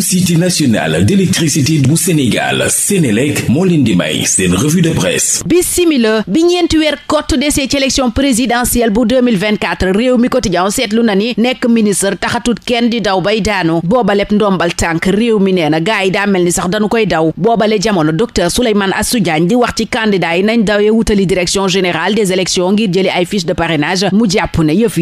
société nationale d'électricité bu Sénégal Sénélec moo leen di may seen revue de presse bisimila bi ñeenti weer kott desee ci élection présidentielle bu 2024 réew mi quotidien seetlu na ni nekk ministre taxatut kenn di daw bay daanu boobaleb ndombal tànk réew mi nee na gaa ni sax dañu koy daw boobale jamono docteur Souleymane Assou di wax ci nañ dawee wutali direction générale des élections ngir jëli ay fiche de parrainage mu jàpp ne yëf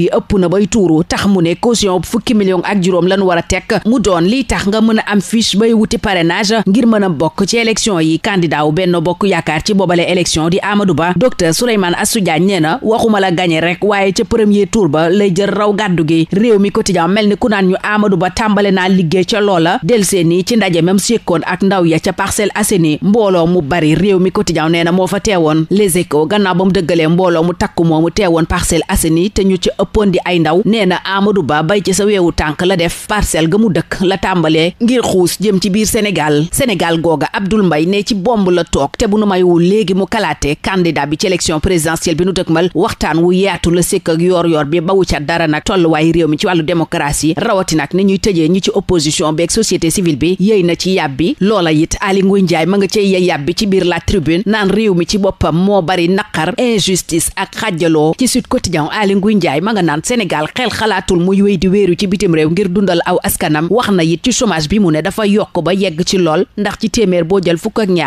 bay tuuru tax mu ne caution fukki million ak juróom lañu war a mu doon lii tax mën a am fiche bay wuti parrainage ngir mën a bokk ci élection yi candidat wu benn bokk yaakaar ci boobale élection di Amadou Ba docteur Souleymane Assou Diagne nee na waxuma la gagné rek waaye ca premier tour ba lay jël raw gàddu gi réew mi quotidien mel ni ku naan ñu amadu Ba tàmbale naa liggéey ca loola del see nii ci ndaje même sékkoon ak ndaw ya ca Parcelles Assainies mbooloo mu bari réew mi quotidien nee na moo fa teewoon le Échos gannaaw ba mu dëggalee mbooloo mu takku moomu teewoon Parcelles Assainies te ñu ci ëppoon di ay ndaw nee na Amadou Ba bay sa weewu tànk la def parcelle ga mu dëkk boole ngir xuus jëm ci biir Sénégal Sénégal googa Abdoul Mbaye ne ci bomb la toog te bu nu wul léegi mu kalaate candidat bi ci élection présidentielle bi nu dëkkmal waxtaan wu yaatu la sëkk ak yoor yoor bi bawu ca dara nag toll tolluwaay réew mi ci wàllu démocratie rawati nag ni ñuy tëjee ñi ci opposition beeg société civile bi yéy na ci yàbbi loola it Aly nguy Ndiaye ma nga cey ya yàbbi ci biir la tribune naan réew mi ci boppam moo bari naqar injustice ak xàjjaloo ci Sud Quotidien Aly Ngouille Ndiaye ma nga naan Sénégal xel xalaatul muy wéy di wéeru ci bitim réew ngir dundal chômage bi mu ne dafa yokk ba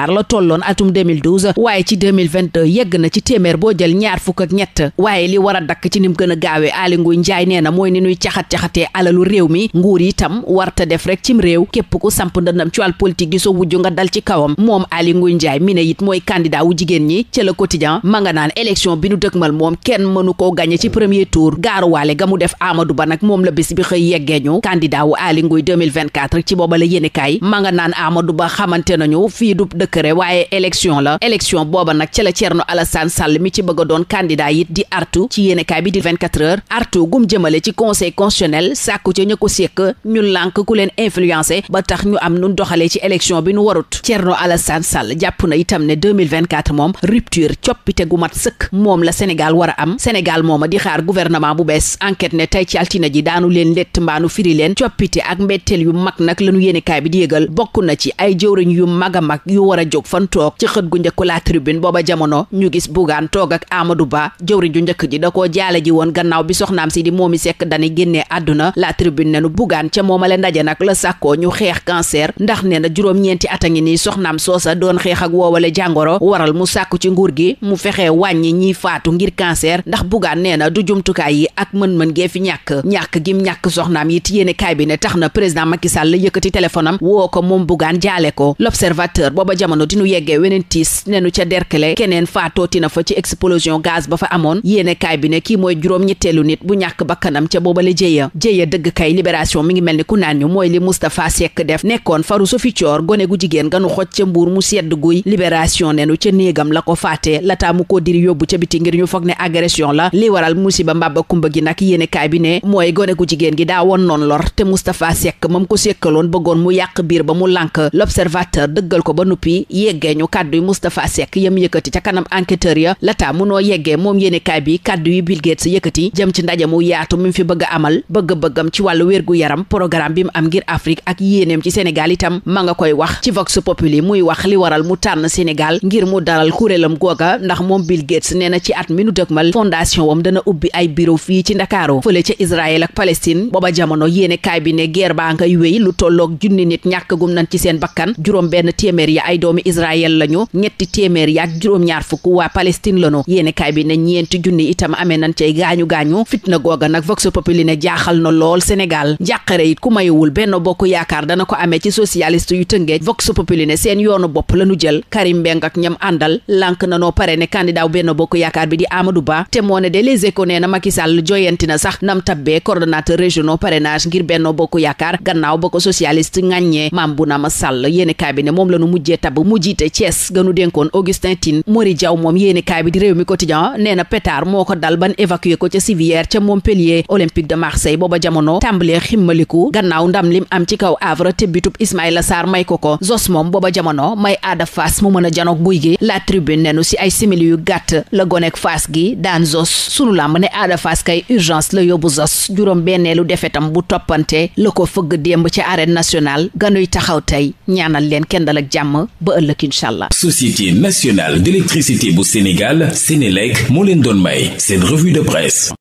la tolloon atum 2012 waaye ci 2022 yegg na ci téeméer boo jël ñaar fukk ak ñett waaye li war a dakk ci nim gën a gaawee Aly Ngouille Ndiaye nee na mooy ni ñuy caxat-caxatee alalu réew mi nguur itam warta def rek cim réew képp ku samp ndëndam ci wàll politique gi soo wujju nga dal ci kawam moom Aly Ngouille Ndiaye mi ne it mooy candidat wu jigéen ñi ci Le Quotidien ma nga naan élection bi nu dëgmal moom kenn mënu koo gàñe ci premier tour gaaruwaale ga mu def Amadou Ba nag moom la bés bi xëy yeggee ñu candidat wu Aly Ngouille rek ci booba la yéenekaay ma nga naan Amadou Ba xamante nañu fii du décret waaye élection la élection booba nag ca la Thierno Alassane Sall mi ci bëgg a doon candidat yit di artu ci yéenekaay bi di artu gum jëmale ci conseil constitutionnel sàkku ca ñu lànk ku leen influencé ba tax ñu am nun doxalee ci élection bi nu warut Thierno Alassane Sall jàpp na itam ne moom rupture coppite gu mat sëkk moom la Sénégal war a am Sénégal mooma di xaar gouvernement bu bees enquête la nag lanu yéenekaay bi di yëgal bokk na ci ay jëwriñ yu mag a mag yu war a jóg fantoog ci xët gu njëkk la tribune booba jamono ñu gis Bougane toog ak du Ba jëwriñ ju njëkk ji da koo jaale ji woon gannaaw bi soxnaam si di moom moomi sekk dani génnee àdduna la tribune nenu Bougane ca moomale ndaje nag la sàkkoo ñu xeex cancer ndax nee na juróom-ñeenti at a ngi nii soxnaam soosa doon xeex ak woowale jàngoro waral mu sàkk ci nguur gi mu fexe wàññi ñiy faatu ngir cancer ndax Bougane nee na du jumtukaay yi ak mën-mën gee ñàkk ñàkk gim ñàkk soxnaam it yéene kaay bi ne tax na président Macky Sall la yëkkati téléphone am woo ko moom bugaan jaale ko l'observateur booba jamono dinu yeggee weneen tiis nenu ca derkele keneen faatooti na fa ci explosion gaz ba fa amoon yéene kaay bi ne kii mooy juróom ñetteelu nit bu ñàkk bakkanam ca boobale jéya jéya dëgg kay libération mi ngi mel ni ku naan ñu mooy li Moustapha Seck def nekkoon faru fi coor gone gu jigéen ga nu xoj ca mbuur mu sedd guy libération nenu ca néegam la ko faatee lataa mu ko diri yóbbu ca biti ngir ñu foog ne agression la li waral musiba mbàbba kumba gi nag yéene bi ne mooy gone gu jigéen gi daa lëkkaloon bëggoon mu yàq biir ba mu lànk l'observateur dëggal ko ba nuppi yeggee ñu kàddu yi Moustapha Seck yëm yëkkati ca kanam enquêteur ya lataa munoo yeggee moom yéenekaay bi kàddu yi Bill Gates yëkkati jëm ci ndaje mu yaatu mi mu fi bëgg a amal bëgg-bëggam ci wàllu wér-gu-yaram programme bi mu am ngir Afrique ak yéeneem ci Sénégal itam ma nga koy wax ci Vox Populi muy wax li waral mu tànn senegal ngir mu daral kuréelam googa ndax moom Bill Gates nee na ci at mi nu dëkmal fondation wam dana ubbi ay bureau fii ci Ndakaaru tolloog junni nit ñàkkagum nañ ci seen bakkan juróom benn téeméer ya ay doomi Israël lañu ñetti téeméer ya ak juróom-ñaar fukk waa Palestine lañu yéene kaay bi ne ñeenti junni itam amee nañ cay gaañu-gaañu fitna googa nag vox populi ne jaaxal na lool Sénégal jàqare it ku wul benn bokk yaakaar dana ko amee ci socialist yu tëngeej vox populi ne seen yoonu bopp lañu jël Karim Mbeng ak ñam àndal lànk na noo pare ne candidat benn bokk yaakaar bi di Amadou Ba te moo ne de les échos nee na Macky Sall joyanti na sax nam tabbee coordonnateur régional parrainage ngir benn bokk yaakaar socialiste ŋàññee Mame Bounama Sall yéeni kaay bi ne moom la nu mujjee tabb mu jiite Thiès gënu dénkoon Augustin Tine Mori Diaw moom yéeni kaay bi di réew mi quotidien nee na pétard moo ko dal ban évacué ca civière ca Montpellier Olympique de Marseille booba jamono tàmbalee ximmaliku gannaaw ndam lim am ci kaw Havre te bitub Ismaïla Sarr may ko ko zos moom booba jamono may aada Fass mu mën a janook guy gi la tribune nenu si ay simili yu la gonek Fass gi arène nationale ganuy taxaw tey ñaanal leen kenn dal ak jàmm ba ëllëg incha allah. société nationale d'électricité bu Sénégal Sénélec moo leen doon may seen revue de presse.